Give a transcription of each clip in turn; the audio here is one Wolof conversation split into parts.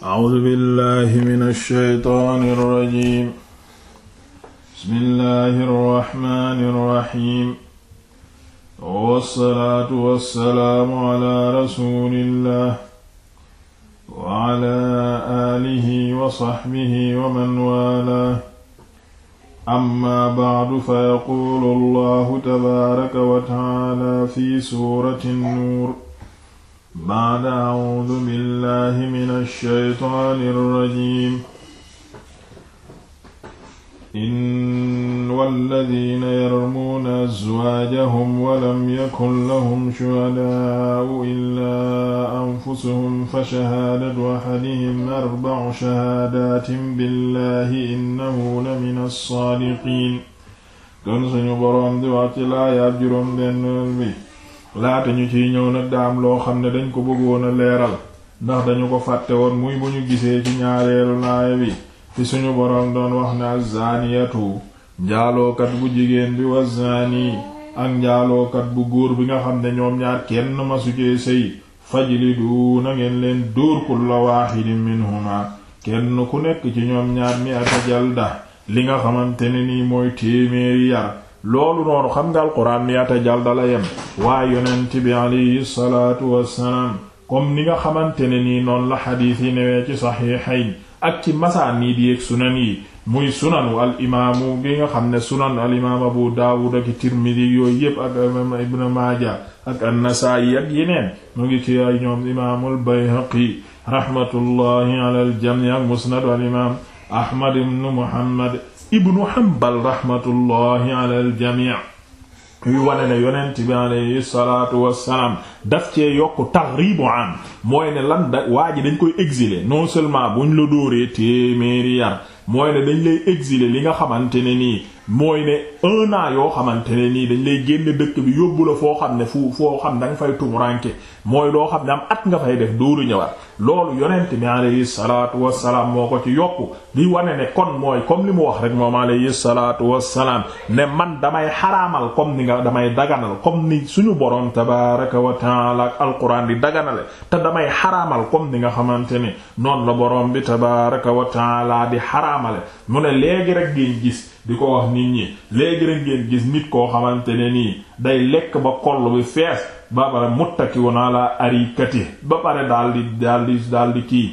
A'uuzu billaahi mina shaytaani rajiim. Bismillaahi rahmaani rahiim. Wa salaatu wa salaamu ala rasuulillaah. Wa ala aalihi wa sahbihi wa man waalaah. Amma ba'du fa yaquulu Allaahu tabaaraka wa ta'aalaa fi suurati Nuur. ba'da a'uudu billahi mina shaytaani rajiim in walladiina yarmuuna azwaajahum walam yakun lahum shuhadaa'u illaa anfusuhum fa shahaadatu ahadihim arba'u shahaadaatin billahi innahu lamina as-saadiqiin kon suñu boroom di wax ci laayaab juróom benn bi laata ñu ciy ñëw nag daa am loo xam ne dañ ko bëggoon a leeral ndax dañu ko fàtte woon muy bu ñu gisee ci ñaareelu laaya bi fi suñu boroom doon wax ne azzaaniyatu njaalookat bu jigéen bi wa zaani ak njaalookat bu góor bi nga xam ne ñoom ñaar kenn masu cee sëy fajlidu na ngeen leen dóor kulla waahidin minhuma kenn ku nekk ci ñoom ñaar mi ata jalda li nga xamante ne nii mooy téeméeri yar loolu noonu xam nga alquran miata jal dala yem waaye yonent bi alayhi salaatu wassalaam comme ni nga xamante ne nii noonu la xadiis yi newee ci saxiixayn ak ci masaan nii di yéeg sunan yi muy sunanu al imaamu bi nga xam ne sunan al imaam abu daawud ak tirmidi yooyu yépp ak imaam ibn maaja ak annasaayi ak yeneen mu ngi ci ay ñoom imaamul bayhaqi rahmatullahi ala al jamii ak musnad al imaam ahmad ibn muhammad ibnu Hanbal rahmatullahi ala aljami yuy wane ne yonent bi alayhi salaatu wassalaam daf cee yokk taxribu am mooy ne lan da waa dañ koy exiler non seulement buñ la dóoree téeméeri yar mooy ne dañ lay exiler li nga xamante ne nii mooy ne un yoo xamante ne nii dañ lay génn dëkk bi yóbbu la foo xam ne fu foo xam da nga fay tumuranke mooy loo xam ne am at nga fay def dooru ñëwaat loolu yonent bi alayhi salaatu wassalaam moo ko ci yokku di wane ne kon mooy comme li mu wax rek moom alayhi salaatu salaam ne man damay xaraamal comme ni nga damay daganal comme ni suñu borom tabaaraka wa taala ak alquran di daganale te damay xaraamal comme ni nga xamante ne noonu la borom bi tabaaraka wa taala di xaraamale mu léegi rek ngeen gis. di ko wax nit ñi léegi rek ngeen gis nit koo xamante ne nii day lekk ba koll bi fees ba pare muttakiwun ala arikati ba pare daal di daal daal di kii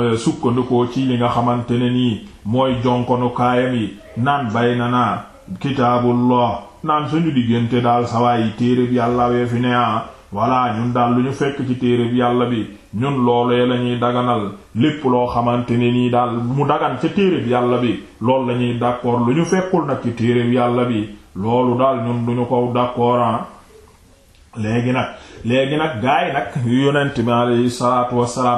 euh, sukkandikoo ci li nga xamante ne nii mooy jonkonu kaayam yi naan bay na naa kitaabullah naan suñu diggante daal sawaay yi téere yàlla wee fi ne ah voilà ñun daal lu ñu fekk ci téere yàlla bi ñun loolee la ñuy daganal lépp loo xamante ne nii daal mu dagan ci téeréb yàlla bi loolu la ñuy d'accord lu ñu fekkul nag ci téeréb yàlla bi loolu daal ñun duñu ko d'accord ah. léegi nag léegi nag gaa yi nag yu yonent bi alayhi salaatu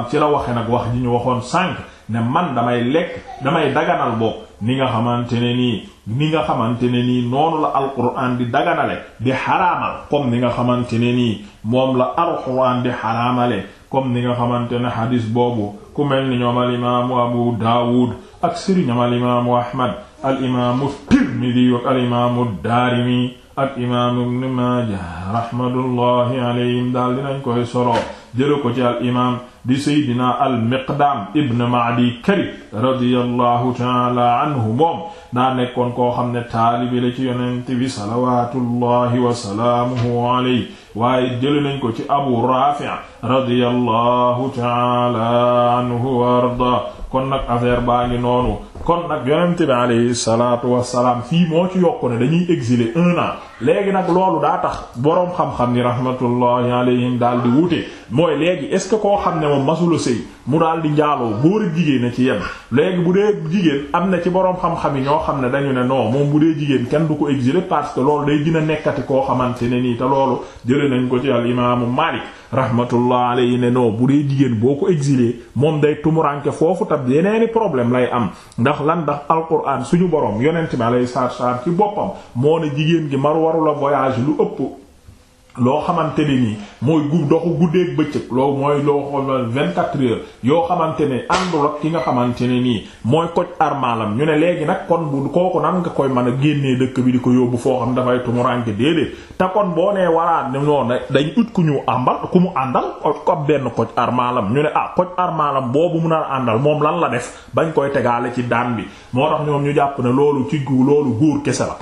ci la waxe nag wax ji ñu waxoon sànq ne man damay lekk damay daganal boog ni nga xamante ne nii ni nga xamante ne nii noonu la alquran di daganale di xaraamal comme ni nga xamante ne nii moom la alquran di xaraamale comme ni nga xamante ne xadis boobu ku mel ni ñoom al imaamu abu daawud ak sëriñam al imaamu ahmad al imaamu tirmidi ak al imaamu daarimi ak imaamu ibn maaja rahmatullahi alayhim daal dinañ koy solo jëlu ko ci al imaam di seydina al-Miqdaam ibn Ma'di Karib radiyallahu taala anhu moom daa nekkoon koo xam ne taalibi la ci yonent bi salawatullahi wa salaamuhu alayhi waaye jële nañ ko ci Abu Raafi' radiyallahu taala anhu wa arda kon nag affaire baa ngi noonu kon ak yonent bi alayhi salaatu wassalaam fii moo ci yokku ne dañuy exiler un an léegi nag loolu daa tax boroom xam-xam ni rahmatullahi alayhim daal di wute mooy léegi est ce que koo xam ne moom masula sëy mu daal di njaaloo góor ak jigéen a ci yem léegi bu dee jigéen am na ci boroom xam-xam yi ñoo xam ne dañu ne non moom bu dee jigéen kenn du ko exiler parce que loolu day gën a nekkati koo xamante ne nii te loolu jële nañ ko ci al imaamu Maalik rahmatullah alayhi ne non bu jigéen boo ko exiler moom day tumuranke foofu tab yeneeni problème lay am ndax lan ndax alquran suñu borom yonent bi alayhi salaatu wa salaam ci boppam moo ne jigéen gi ma warula voyage lu ëpp loo xamante ni nii mooy gu doxu guddeeg bëccëg loo mooy loo xool vingt-quatre heures yoo xamante ne àndul ak ki nga xamante ne nii mooy koj armalam ñu ne léegi nag kon bu kooku nan nga koy mën a génnee dëkk bi di ko yóbbu foo xam dafay tumuranke déedéet te kon boo nee waraa noonu dañ ut ku ñu àmbal ku mu àndal ab benn koj armalam ñu ne ah koj armalam boobu mun a àndal moom lan la def bañ koy tegaale ci daan bi moo tax ñoom ñu jàpp ne loolu ci gu loolu kese la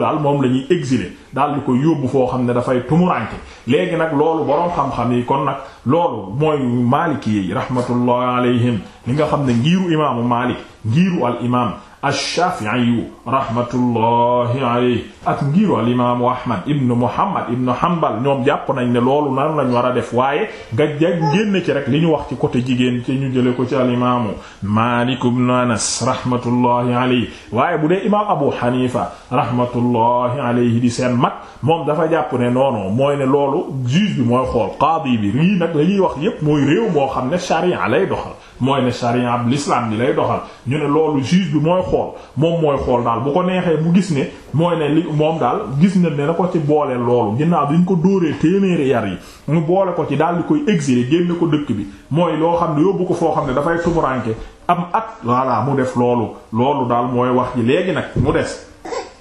daal moom la ñuy exiler daal di koy yóbbu foo xam ne dafay tumuranke léegi nag loolu boroom xam-xam yi kon nag loolu mooy maaliki yi rahmatullah alayhim li nga xam ne ngiiru imaamu maalik ngiiru al imaam ash-Shafi'i rahmatullahi alayhi ak ngiru al imaamu Ahmad ibn Muhammad ibn Hanbal ñoom jàpp nañ ne loolu nan lañ war a def waaye nga jag génn ci rek li ñu wax ci côté jigéen ci ñu jële ko ci al imaamu Malik ibn Anas rahmatullahi alayhi waaye bu dee imaam Abu Hanifa rahmatullahi alayhi di seen mag moom dafa jàpp ne noonon mooy ne loolu juge bi mooy xool qaadi bi lii nag la ñuy wax yépp mooy réew moo xam ne sharia lay doxal mooy ne charia bi l'islam bi lay doxal ñu ne loolu juge bi mooy xool moom mooy xool daal bu ko neexee mu gis ne mooy ne li moom daal gis na ne na ko ci boole loolu ginnaaw bi ñu ko dóoree téeméeri yar yi ñu boole ko ci daal di koy exiler génne ko dëkk bi mooy loo xam ne yóbbu ko foo xam ne dafay tumuranke am at voilà mu def loolu loolu daal mooy wax ji léegi nag mu des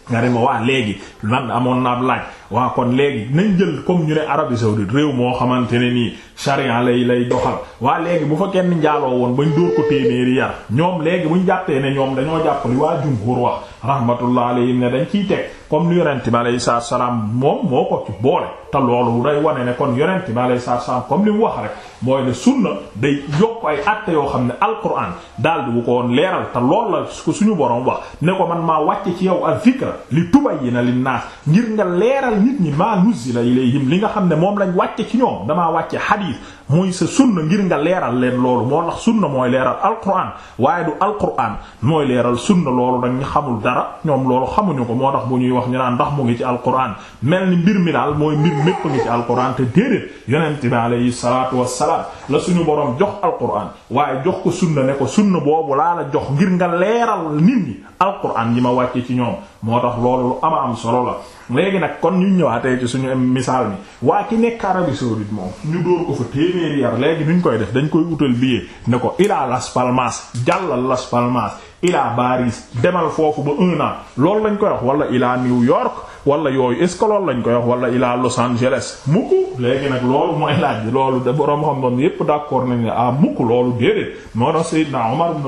nga dem waa léegi nan amoon naa ab laaj waa kon léegi nañ jël comme ñu ne Arabie saoudite réew moo xamante ne nii charia lay lay doxal waa léegi bu fa kenn njaaloo woon bañ dóor ko téeméeri yar ñoom léegi ñu jàppee ne ñoom dañoo jàpp li waa jumhur wax rahmatullah alayhim ne dañ ciy teg comme lu yonent bi aleyhi salaatu salaam moo ko ci boole te loolu day wane ne kon yonent bi comme li mu wax rek mooy ne sunna day yokk ay àtte yoo xam ne alquran daal di bu leeral te loolu la ko suñu borom wax ne ko man maa wàcce ci yow az-zikra li tubayyina lin-naas ngir nga leeral nit ñi maa nuzzila ilayhim li nga xam ne moom lañ wàcce ci ñoom damaa wàcce xadiis muy sa sunna ngir nga leeral leen loolu moo tax sunna mooy leeral alquran waaye du alquran mooy leeral sunna loolu nag ñu xamul dara ñoom loolu xamuñu ko moo tax bu ñuy wax ñu naan ndax mu ngi ci alquran mel ni mbir mi daal mooy mbir mépp ngi ci alquran te déedéet yonent bi alayhi salaatu wassalaam la suñu borom jox alquran waaye jox ko sunna ne ko sunna boobu laa la jox ngir nga leeral nit ñi alquran ñi ma wàcce ci ñoom moo tax loolu lu ama am solo la léegi nag kon ñu ñëwaatee ci suñu misaal mi waa ki nekk Arabie saoudite moom ñu dóor ko fa téeméeri yar léegi nuñ koy def dañ koy utal billet ne ko ilaa Las Palmas jàllal Las Palmas ilaa Paris demal foofu ba un an loolu lañ koy wax wala ilaa New York wala yooyu est ce que loolu lañ koy wax wala ilaa Los Angeles mukk léegi nag loolu mooy laaj loolu de borom xam-xam yépp d'accord nañ ne ah loolu déedéet moo tax Seydina Omar ibn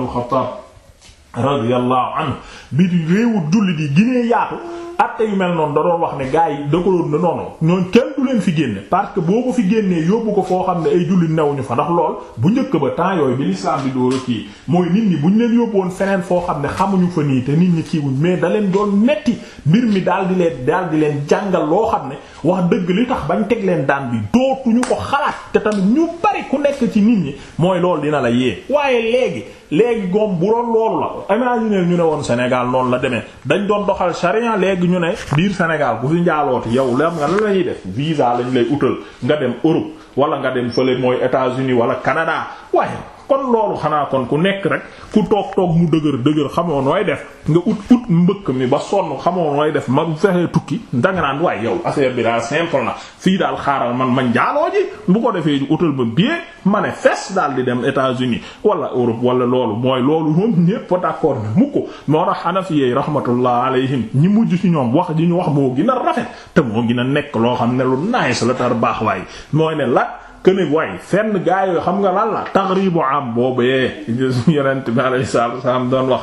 al anhu bi réewu julli di Guinée yaatu atte yu mel noonu da doon wax ne gars yi da ko doon ne noonu ñooñ kenn du leen fi génne boo ko fi génnee yóbbu ko foo xam ne ay jullit newuñu fa ndax lool bu njëkk ba temps yooyu bi l'islam bi dóora kii mooy nit ñi buñ leen yóbboon feneen foo xam ne fa nii te nit ñi kiiwuñ mais da doon metti mbir mi daal di leen daal di leen jàngal loo xam ne wax dëgg li tax bañ teg leen daan bi dootuñu ko xalaat te tamit ñu bari ku ci nit ñi mooy loolu dina la yee waaye léegi léegi goom bu loolu la imaginer ñu ne woon Sénégal noonu la demee dañ doon doxal charia léegi ñu ne biir Sénégal bu fi njaalooti yow la am nga la ñuy def visa lañ lay utal nga dem Europe wala nga dem fële mooy États-Unis wala Canada waaye kon loolu xanaa kon ku nekk rek ku toog toog mu dëgër dëgër xamoon nooy def nga ut ut mbëkk mi ba sonn xamoo nooy def ma fexee tukki danga naan waaye yow affaire bi daal simple na fii daal xaaral man ma njaaloo ji bu ko defee utal ma billet ma ne fes daal di dem États-Unis wala Europe wala loolu mooy loolu moom ñépp d'accord ne moo ko moo tax Hanafiyyi rahmatullah alayhim ñi mujj ci ñoom wax ji ñu wax moo gën a rafet te moo gën a nekk loo xam ne lu nice la tar baax këne way fenn gaa yooyu xam nga lan la taxribu am boobee yonent bi alayhi salaatu wasalaam doon wax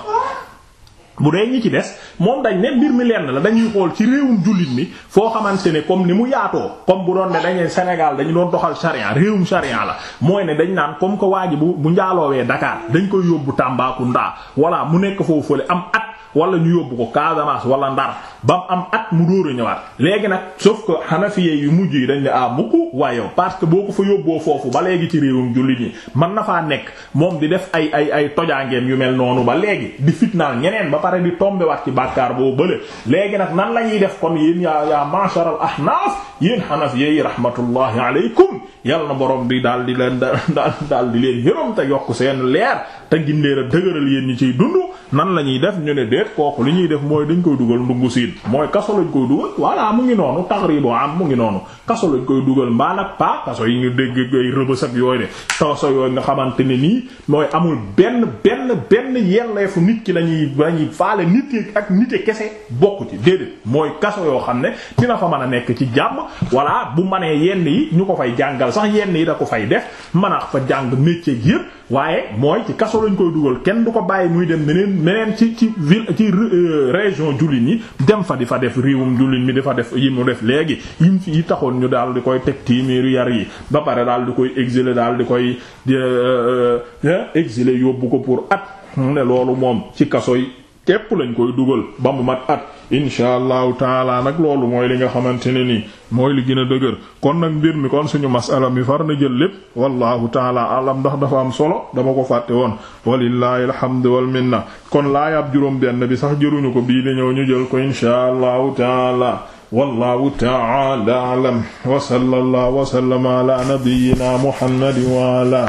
bu dee ñi ci des moom dañ ne mbir mi lenn la dañuy xool ci réewum jullit mi foo xamante ne comme ni mu yaatoo comme bu doon ne dañuy Sénégal dañu doon doxal charia réewum charia la mooy ne dañ naan comme que waa ji bu bu njaaloowee Dakar dañ koy yóbbu Tambacounda walla mu nekk foofu fële am at wala ñu yóbbu ko Casamance wala Ndar ba mu am at mu dóor a ñëwaat léegi nag sauf que xanafiye yu mujj yi dañ ne ah mukk waaye parce que boo ko fa yóbboo foofu ba léegi ci réewum jullit yi man na faa nekk moom di def ay ay ay tojaangeem yu mel noonu ba léegi di fitnaal ñeneen ba pare di tombe waat ci bàkkaar boo bële léegi nag nan la ñuy def kon yéen yaa yaa mashar al ahnaaf yéen xanafiye yi rahmatullahi aleykum yal na borom bi daal di leen daal di leen yërëm te yokk seen leer te gindee dëgëral yéen ñi ciy dund nan la ñuy def ñu ne déet kooku li ñuy def mooy dañ koy dugal ndungu siin mooy kaso lañ koy dugal voilà mu ngi noonu taxribu am mu ngi noonu kaso lañ koy dugal mbaa nag pas kaso yi ñu dégg ay rëbës ak yooyu de kaso yooyu nga xamante ne nii mooy amul benn benn benn yelleefu nit ki lañuy lañuy faale nit ak nite kese bokk ci déedéet mooy kaso yoo xam ne dina fa mën a nekk ci jàmm voilà bu manee yenn yi ñu ko fay jàngal sax yenn yi da ko fay def mën a jàng métier yépp waaye mooy ci kaso lañ koy dugal kenn du ko bàyyi muy dem meneen meneen ci ci ville ci euh, région jullit ñi dem fa di fa def réewum jullit mi dafa def yi mu def léegi yim fi yi taxoon ñu daal di koy teg tiimiiru yar yi ba pare daal di koy exiler daal di koy euh, euh, exiler yóbbu ko pour at mu ne loolu moom ci kaso yi képp lañ koy dugal ba mu mat at insha allahu taala nag loolu mooy li nga xamante ne nii mooy li gën a dëgër kon nag mbir mi kon suñu masala mi far na jël lépp wallahu taala alam ndax dafa am solo dama ko fàtte woon walillahi alhamdu wal minna kon laayab juróom benn bi sax jëruñu ko bii di ñëw ñu jël ko insha allahu taala wallahu taala alam wa sallallahu wa sallama ala nabiyyina muhammadin wa ala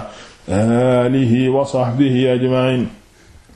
alihi wa sahbihi ajma'in